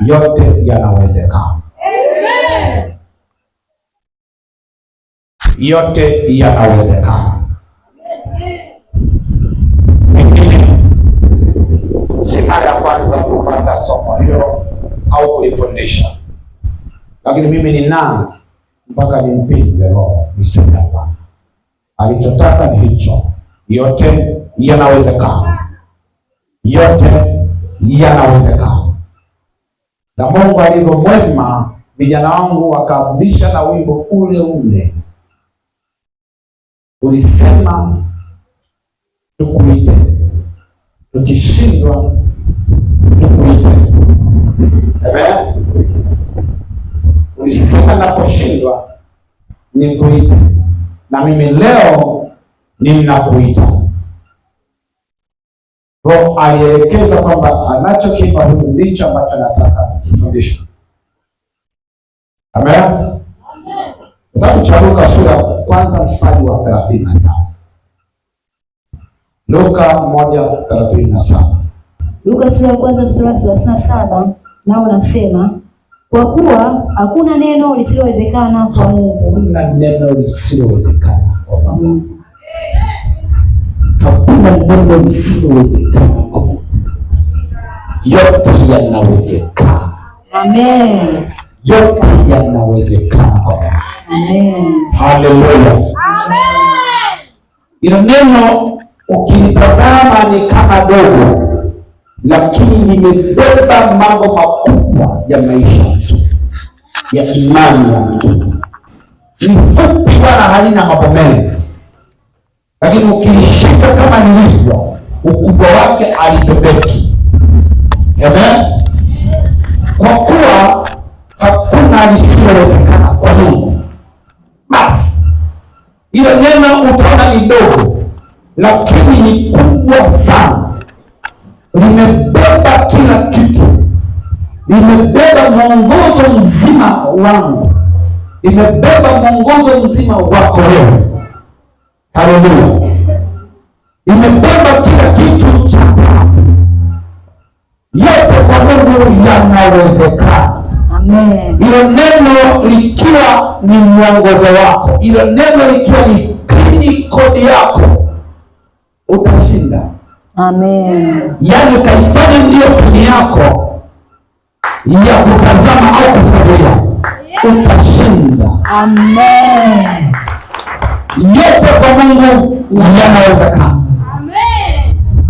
yote yanawezekana, yote yanawezekana. Pengine si mara ya kwanza kupata somo hilo au kulifundisha, lakini mimi ni nani mpaka nimpinge Roho niseme hapana? Alichotaka ni hicho, yote yanawezekana, yote yanawezekana na Mungu alivyo mwema, vijana wangu wakaamrisha na wimbo ule ule ulisema, tukuite tukishindwa tukuite. Amen. Ulisema naposhindwa nikuite, na mimi leo ninakuita. Roho alielekeza kwamba anachokipa huyu ndicho ambacho anataka kufundisha. Amen. Kitabu cha Luka sura ya kwanza mstari wa 37. Luka moja thelathini na saba. Luka sura ya kwanza mstari wa thelathini na saba nao unasema kwa kuwa hakuna neno lisilowezekana kwa Mungu. Hakuna neno lisilowezekana kwa Mungu. Hakuna neno lisilowezekana kwa Mungu, yote yanawezekana. Amen, yote yanawezekana kwa Mungu. Amen, haleluya. Amen, ilo neno ukilitazama ni kama dogo, lakini limebeba mambo makubwa ya maisha ya mtu, ya imani ya mtu. Ni fupi wala halina mambo mengi lakini ukiishika kama nilivyo, ukubwa wake alibebeki. Amen. Kwa kuwa hakuna lisilowezekana kwa Mungu. Basi hilo neno utaona ni dogo, lakini ni kubwa sana, limebeba kila kitu, limebeba mwongozo mzima wangu, limebeba mwongozo mzima wako wewe Haleluya! Imebeba kila kitu cha yote kwa Mungu yanawezekana. Amen. Ilo neno likiwa ni mwongozo wako, ilo neno likiwa ni pini kodi yako, utashinda. Amen. Yaani utaifanya ndiyo pini yako ya kutazama au kusaburia, utashinda. Amen. Yote kwa Mungu yanawezekana,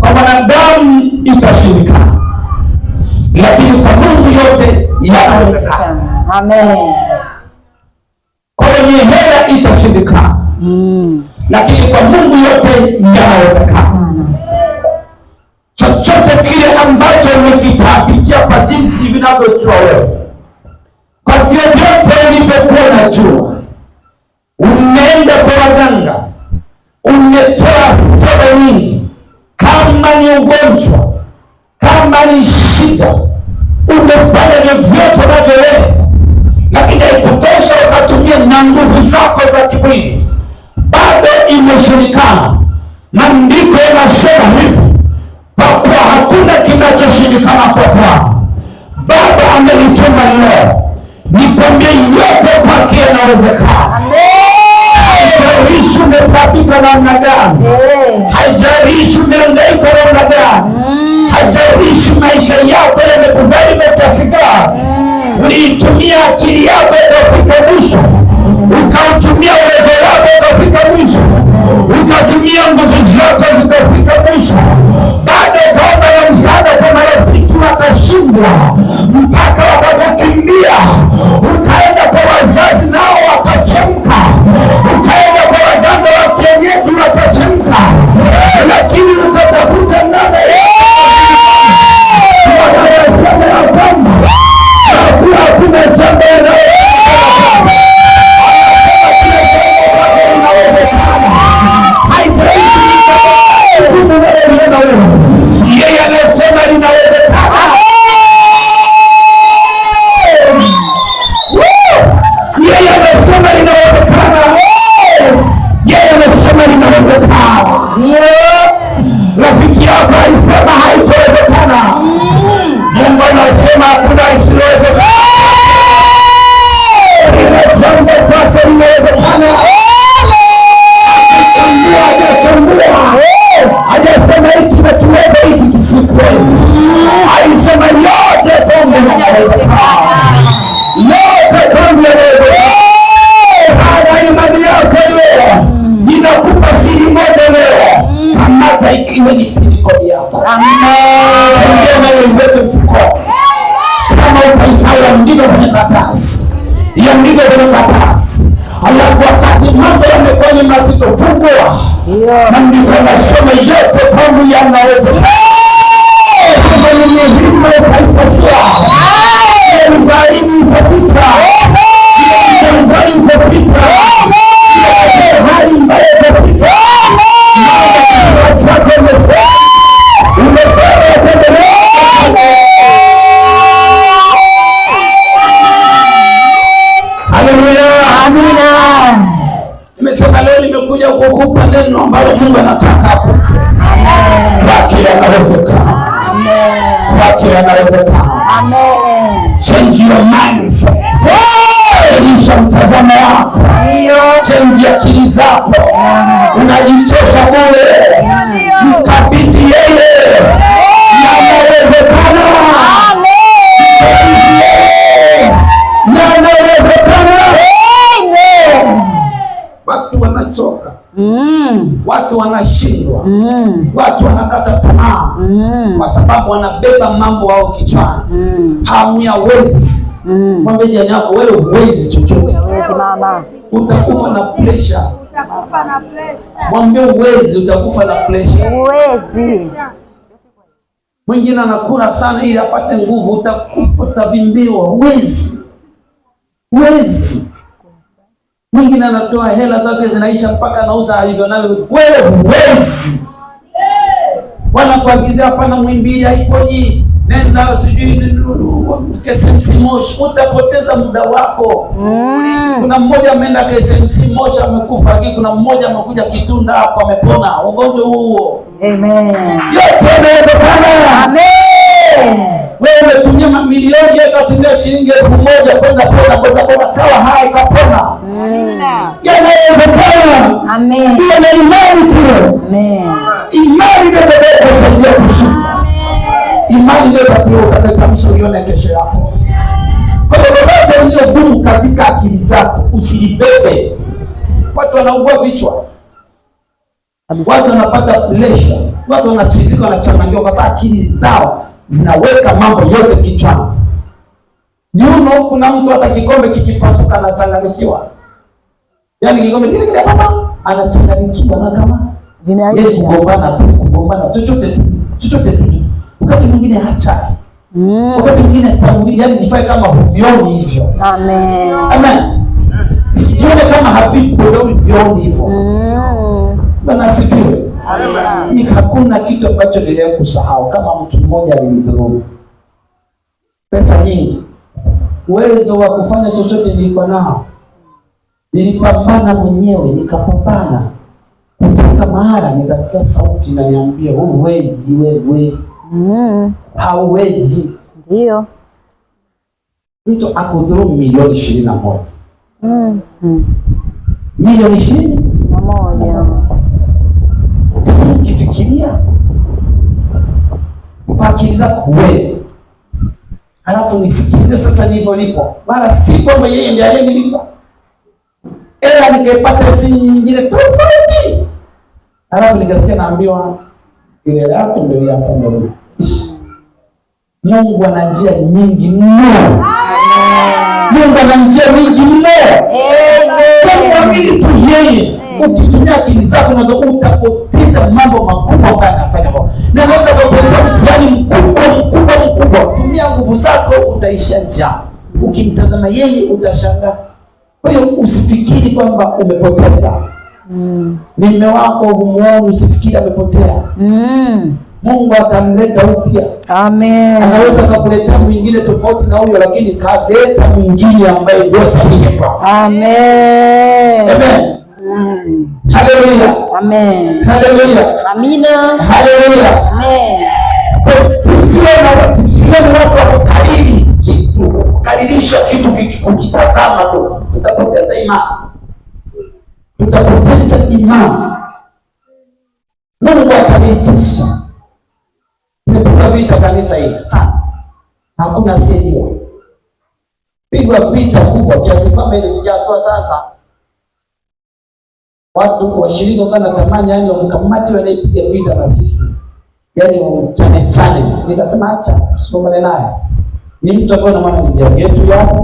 kwa mwanadamu itashindikana, lakini kwa Mungu yote yanawezekana. Kwa wenye hela itashindikana, mm. lakini kwa Mungu yote yanawezekana. Chochote kile ambacho umekitabikia kwa jinsi vinavyochua wewe, kwa vyovyote vilivyokuwa na jua maisha yako yamekubali mekasika, mm. uliitumia akili yako ukafika mwisho, ukautumia uwezo wako ukafika mwisho, ukatumia nguvu zako zikafika mwisho, bado ukaomba na msaada kwa marafiki wakashindwa. knowledge Change your minds. Badilisha mtazamo wako, change akili zako, unajichosha bure watu wanashindwa mm. watu wanakata tamaa mm. kwa sababu wanabeba mambo wao kichwani mm. wezi mm. jirani yako wewe wezi chochote, utakufa na presha. Mwambie uwezi, utakufa na presha. Uwezi. Mwingine anakula sana ili apate nguvu, utakufa, utavimbiwa. Uwezi, uwezi Mwingine anatoa hela zake zinaisha mpaka anauza alivyo navyo. Wewe huwezi wanakuagizia, hapana, mwimbili haipoji, nenda sijui KCMC Moshi, utapoteza muda wako. Mm. Kuna mmoja ameenda KCMC Moshi amekufa, lakini kuna mmoja amekuja Kitunda hapo amepona ugonjwa huo huo. Amen, yote yanawezekana. Amen. Wewe umetumia mamilioni, yeye katumia shilingi elfu moja kwenda pona, bodaboda kawa hai kapona yanawezekana. Iwe na imani tu, imani ndio itakayokusaidia kushinda. Imani ndio itakayokusababisha uione kesho yako. Kwa hiyo lolote lililo gumu katika akili zako usilibebe. Watu wanaugua vichwa, watu wanapata pressure, watu wanachizika, wanachanganyiwa kwa sababu akili zao zinaweka mambo yote kichwani. Nyuma kuna mtu hata kikombe kikipasuka anachanganyikiwa yani kigombe kile kile baba anachanganyikiwa na kama vinaisha. Kugombana tu, kugombana chochote tu, chochote tu. Wakati mwingine acha Mm. Wakati mwingine saburi, yani nifai kama huvioni hivyo. Amen. Amen. Sijione kama havipo leo vioni hivyo. Mm. bana sifiwe Amen. Ni hakuna kitu ambacho niliwahi kusahau kama mtu mmoja alinidhuru. Pesa nyingi. Uwezo wa kufanya chochote nilikuwa nao. Nilipambana mwenyewe, nikapambana kufika mahala, nikasikia sauti naniambia, huwezi wewe, mm. hauwezi. Ndio mtu akudhulumu milioni ishirini na moja mm -hmm. milioni ishirini na moja ukifikiria kwa akili zako huwezi, alafu nisikilize sasa, nilivyo lipo, wala si kwamba yeye ndiye aliyenipa hela nikaipata si nyingine tofauti, alafu nikasikia naambiwa ile yako ndio hapa ndio Mungu ana njia nyingi mno. Mungu ana njia nyingi mno. Kamwamini tu yeye. Ukitumia akili zako unaweza utapoteza mambo makubwa ambayo anafanya mambo. Na unaweza kupoteza mtihani mkubwa mkubwa mkubwa. Tumia nguvu zako utaisha njaa. Ukimtazama yeye utashangaa. Kwa hiyo usifikiri kwamba umepoteza mm. ni mume wako humuoni, usifikiri amepotea mm. Mungu atamleta upya. Amen. Anaweza akakuletea mwingine tofauti na huyo, lakini kaleta mwingine ambaye ndio sahihi kwa. Amen. Amen. Mm. Haleluya. Amen. Haleluya. Amina. Haleluya. Amen. Tusiwe na watu wa kukariri kitu kadirisha kitu kukitazama tu, tutapoteza imani, tutapoteza imani. Mungu atalitisha. Tumepigwa vita kanisa hili sana, hakuna sejua, pigwa vita kubwa kiasi kwamba ile vijatoa sasa watu washirika kana tamani, yani wamkamati wanayepiga vita na sisi, yani chane chane. Nikasema acha, sikumbane naye ni mtu ambaye na maana ni jamii yetu ya yaani,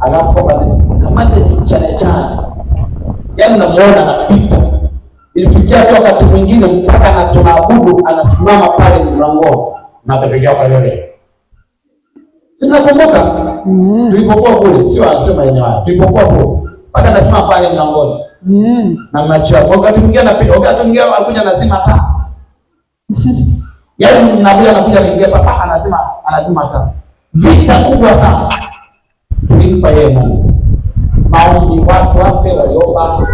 alafu kama ni chane chane, yaani namuona anapita. Ilifikia tu wakati mwingine mpaka na tunaabudu anasimama pale mlango na atapigia kwa yule. Sinakumbuka mm. tulipokuwa kule, sio anasema yenyewe, tulipokuwa kule mpaka anasema pale mlangoni mm. na macho yake, wakati mwingine anapita, wakati mwingine anakuja anazima taa, yaani nabii anakuja anaingia papa, anazima anazima taa Vita kubwa sana ilimpa yeye Mungu. Maombi, watu wafe waliomba,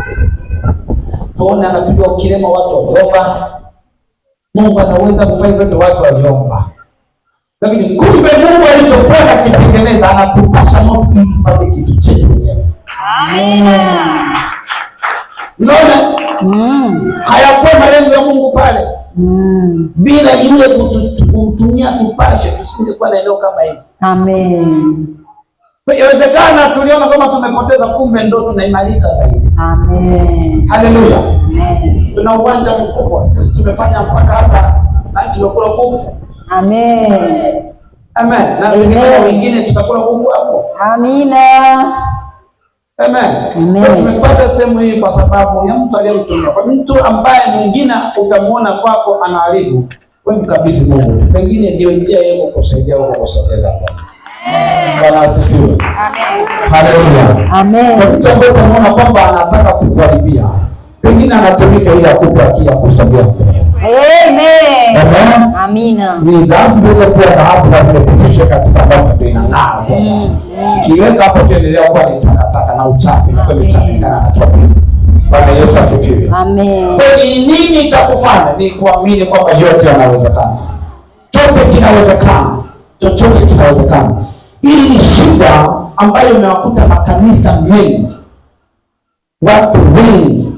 tuona anapigwa ukilema, watu waliomba. Mungu anaweza kufanya vyote, watu waliomba. Lakini kumbe Mungu alichokwenda kitengeneza anatupasha moto ili tupate kitu chetu wenyewe. Unaona, mm. hayakuwa malengo ya Mungu pale. Mm. Bila yule kutumia tupashe, tusingekuwa na eneo kama hili. Amen. Yawezekana tuliona kama tumepoteza, kumbe ndo tunaimarika zaidi. Amen. Haleluya. Amen. Tuna uwanja mkubwa. Sisi tumefanya mpaka hapa na tunakula kumbe. Amen. Amen. Na wengine wengine tutakula kumbe hapo. Amina. Amen. Tumepata sehemu hii kwa sababu ya mtu aliyemtumia. Kwa mtu ambaye mwingine utamwona kwako anaharibu wewe mkabidhi Mungu tu, pengine ndio njia yako kusaidia huko kusogeza kwa Bwana asifiwe. Amen. Haleluya. Amen. Kwa mtu ambaye tunaona kwamba anataka kukuharibia, pengine anatumika ili akupe akili ya kusogea mbele. Amen. Amina. Ni dhambi hizo kuwa na hapo na zimepitisha katika dhambi ndio inang'aa. Mm, mm. Kiweka hapo tuendelea kuwa ni takataka na uchafu na kwa mchanganyiko na Amen. Bwana Yesu asifiwe. Amen. Kwani nini cha kufanya ni kuamini kwamba yote yanawezekana, chote kinawezekana, chochote kinawezekana. Hili ni shida ambayo imewakuta makanisa mengi, watu wengi,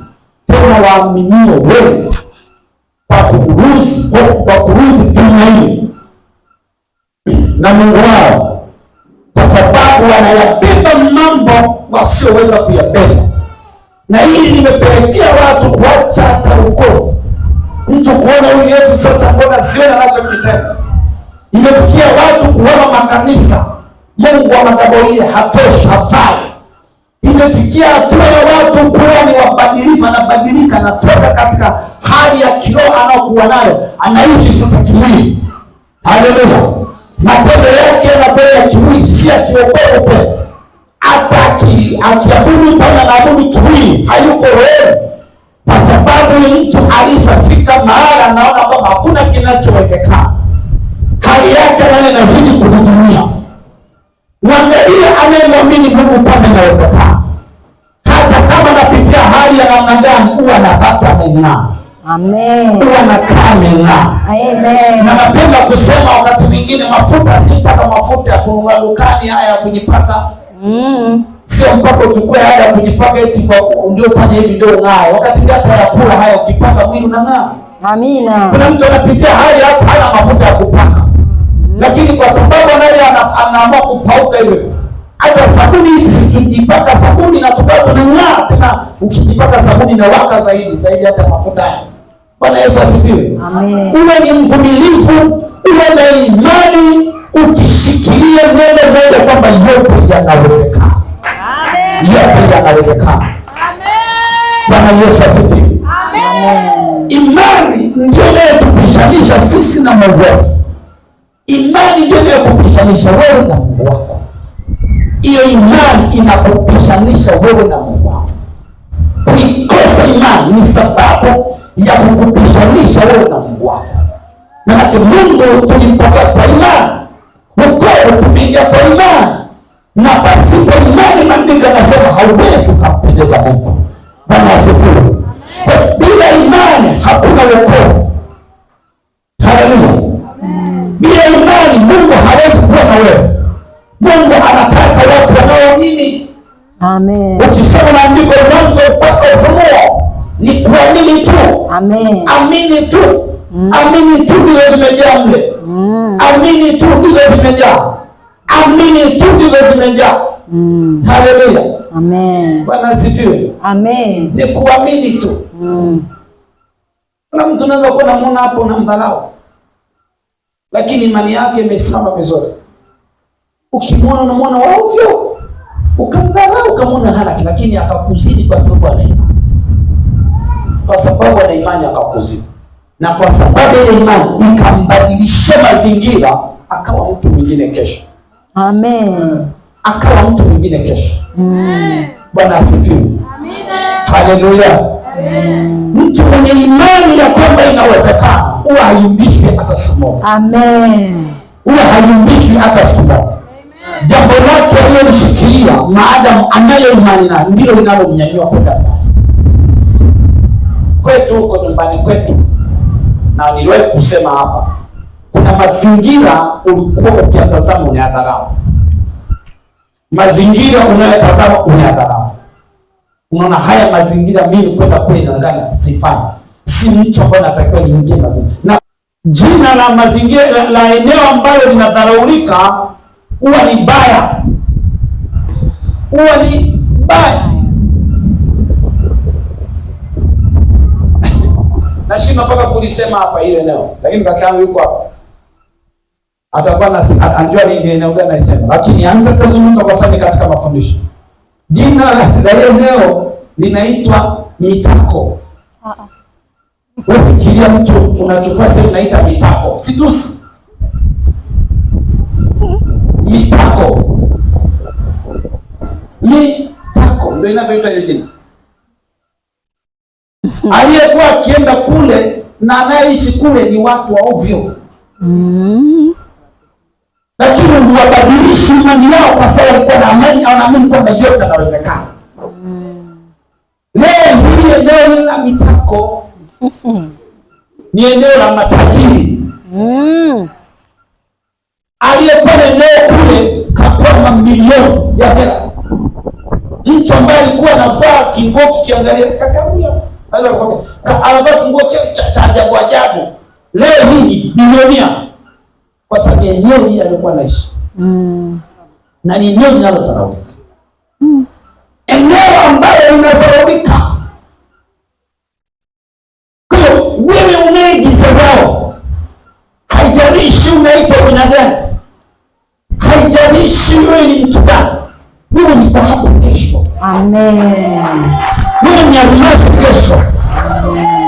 tena waaminio wengi, kwa kuruhusu kwa kuruhusu dunia hii na Mungu wao, kwa sababu wanayabeba mambo wasioweza kuyabeba na hii limepelekea watu kuacha hata Mtu kuona huyu Yesu sasa, mbona sioni anachokitenda? Imefikia watu kuona makanisa, Mungu wa matabolia hatoshi, hafai. Imefikia hatua ya watu kuwa ni wabadilifu, anabadilika, anatoka katika hali ya kiroho anaokuwa nayo, anaishi sasa kimwili. Haleluya! matendo yake yanapenda kimwili, si ya tena hata pili, akiabudu Bwana naabudu kimwili, hayuko heri, kwa sababu mtu alishafika mahala anaona kwamba hakuna kinachowezekana, hali yake nani inazidi kudidimia. Mwangalie anayemwamini Mungu kwamba inawezekana, hata kama anapitia hali ya namna gani, huwa anapata meng'ao huwa nakaa meng'ao. Na napenda kusema wakati mwingine mafuta si mpaka mafuta ya kununua dukani, haya ya kujipaka Mm. Sio mpaka uchukue haya ya kujipaka eti kwa ndio ufanye hivi ndio ng'aa. Wakati ndio hata yakula haya ukipaka mwili unang'aa. Amina. Kuna mtu anapitia hali hata hana mafuta ya kupaka. Lakini kwa sababu naye anaamua kupauka hiyo. Hata sabuni hizi tujipaka sabuni na tukao tunang'aa tena ukijipaka sabuni na waka zaidi zaidi hata mafuta haya. Bwana Yesu asifiwe. Amina. Uwe ni mvumilivu, uwe na imani, ukishikilia neno moja kwamba yote yanawezekana yanawezekana. Bwana Yesu asifiwe. Imani ndio inayotupishanisha sisi na Mungu wetu. Imani ndio inayokupishanisha wewe na Mungu wako. Hiyo imani inakupishanisha wewe na Mungu wako. Kuikosa imani ni sababu ya kukupishanisha wewe na Mungu wako. Manake Mungu tulimpokea kwa imani, wokovu tumeingia kwa imani na hauwezi ukampendeza Mungu. Bwana asifiwe. Bila imani hakuna wokovu. Haleluya. Bila imani Mungu hawezi kuwa na wewe. Mungu anataka watu wanaoamini. Amen. Ukisoma maandiko Mwanzo mpaka Ufunuo ni kuamini tu. Amen. Amini tu. Mm. Amini tu ndizo zimejaa mle. Mm. Amini tu ndizo zimejaa. Amini tu ndizo zimejaa. Mm. Haleluya. Amen. Bwana asifiwe. Amen. Ni kuamini tu. Mm. Kuna mtu unaweza kuwa unamuona hapo unamdhalau, lakini imani yake imesimama vizuri. Ukimwona unamwona wa ovyo, ukamdhalau, ukamwona hana, lakini akakuzidi kwa sababu ana imani, kwa sababu ana imani akakuzidi, na kwa sababu ile imani ikambadilisha mazingira, akawa mtu mwingine kesho. Amen. Mm akawa mtu mwingine kesho. Bwana asifiwe, haleluya. Mtu mwenye imani ya kwamba inawezekana huwa hayumbishwi hata siku moja, huwa hayumbishwi hata siku moja. Jambo lake aliyolishikilia maadamu anayo imani na ndio linalomnyanyua kwenda mbali. Kwetu huko nyumbani kwetu, na niliwahi kusema hapa, kuna mazingira ulikuwa ukiatazama unayadharau mazingira unayotazama unayadharau, unaona haya mazingira, mimi kwenda kule inaonekana sifai, si mtu ambaye natakiwa niingie mazingira na jina la mazingira la, la eneo ambalo linadharaulika huwa ni baya, huwa ni baya. Nashindwa mpaka kulisema hapa ile eneo, lakini kaka yangu yuko hapa atakuwa anajua ni eneo gani naisema, lakini kuzungumza kwa sababu katika mafundisho. Jina la hiyo eneo linaitwa mitako. Uh-uh. Wewe Ufikiria mtu unachukua sehemu inaita mitako, situsi tusi mitako, mitako ndio inavyoitwa hiyo jina. Aliyekuwa akienda kule na anayeishi kule ni watu wa ovyo mm lakini huwabadilishi imani yao kwa sababu kwa na au naamini kwamba yote yanawezekana. Leo hii eneo la mitako ni eneo la matajiri. Mm. Aliyekuwa na eneo kule kapewa mamilioni ya hela, mtu ambaye alikuwa anavaa kinguo kikiangalia anavaa kinguo cha ajabu ajabu, leo hii bilionia kwa sababu eneo hili alikuwa naishi mm. na ni eneo linalosaraulika mm. eneo ambayo linasaraulika. Kwa hiyo wewe unayejizarau, haijalishi unaitwa jina gani, haijalishi wewe ni mtu gani, wewe ni dhahabu kesho. Amen. Wewe ni almasi kesho. Amen.